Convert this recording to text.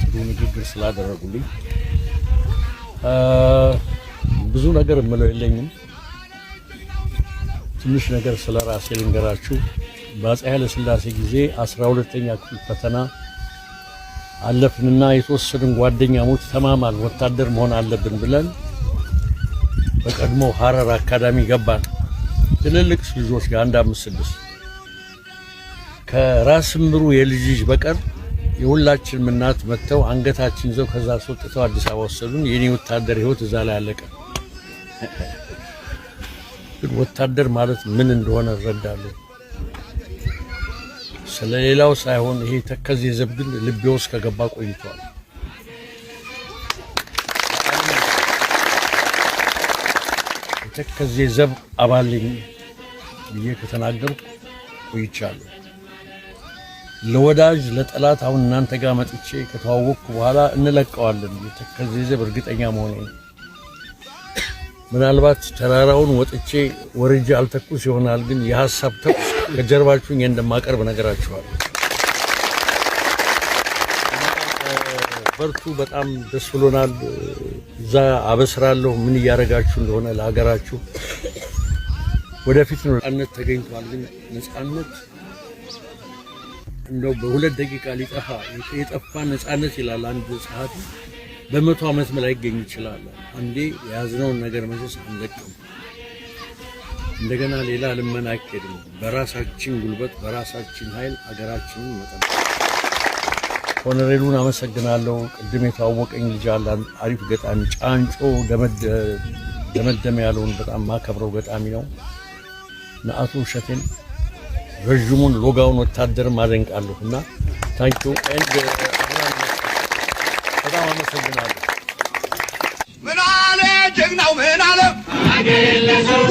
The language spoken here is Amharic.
ጥሩ ንግግር ስላደረጉልኝ ብዙ ነገር የምለው የለኝም። ትንሽ ነገር ስለ ራሴ ልንገራችሁ። በአፄ ኃይለ ሥላሴ ጊዜ አስራ ሁለተኛ ክፍል ፈተና አለፍንና የተወሰድን ጓደኛሞች ተማማል ወታደር መሆን አለብን ብለን በቀድሞ ሀረር አካዳሚ ገባን። ትልልቅ ልጆች ጋር አንድ አምስት ስድስት ከራስ ምሩ የልጅ ልጅ በቀር የሁላችንም እናት መጥተው አንገታችን ይዘው ከዛ አስወጥተው አዲስ አበባ ወሰዱን። የኔ ወታደር ህይወት እዛ ላይ አለቀ። ግን ወታደር ማለት ምን እንደሆነ እረዳለሁ። ስለሌላው ሳይሆን ይሄ ተከዜ ዘብ ግን ልቤ ውስጥ ከገባ ቆይቷል። የተከዜ ዘብ አባልኝ ብዬ ከተናገርኩ ቆይቻለሁ። ለወዳጅ ለጠላት አሁን እናንተ ጋር መጥቼ ከተዋወቅኩ በኋላ እንለቀዋለን የተከዜ በእርግጠኛ መሆኔ ምናልባት ተራራውን ወጥቼ ወርጄ አልተኩስ ይሆናል፣ ግን የሀሳብ ተኩስ ከጀርባችሁ እንደማቀርብ ነገራችኋል። በርቱ፣ በጣም ደስ ብሎናል። እዛ አበስራለሁ ምን እያደረጋችሁ እንደሆነ ለሀገራችሁ ወደፊት ነው። ነጻነት ተገኝቷል፣ ግን ነጻነት እንደው በሁለት ደቂቃ ሊጠፋ የጠፋ ነፃነት ይላል አንድ ጸሐፊ በመቶ ዓመት ላይ ይገኝ ይችላል። አንዴ የያዝነውን ነገር መሰስ አንለቅም። እንደገና ሌላ ልመና አይኬድም። በራሳችን ጉልበት በራሳችን ኃይል አገራችንን መጠበቅ። ኮሎኔሉን አመሰግናለሁ። ቅድም የታወቀኝ ልጅ አለ አሪፍ ገጣሚ ጫንጮ ደመደም ያለውን በጣም ማከብረው ገጣሚ ነው። ነአቶ እሸቴን ረዥሙን ሎጋውን ወታደር አደንቃለሁ እና ታንኪ በጣም አመሰግናለሁ። ምን አለ ጀግናው ምን አለ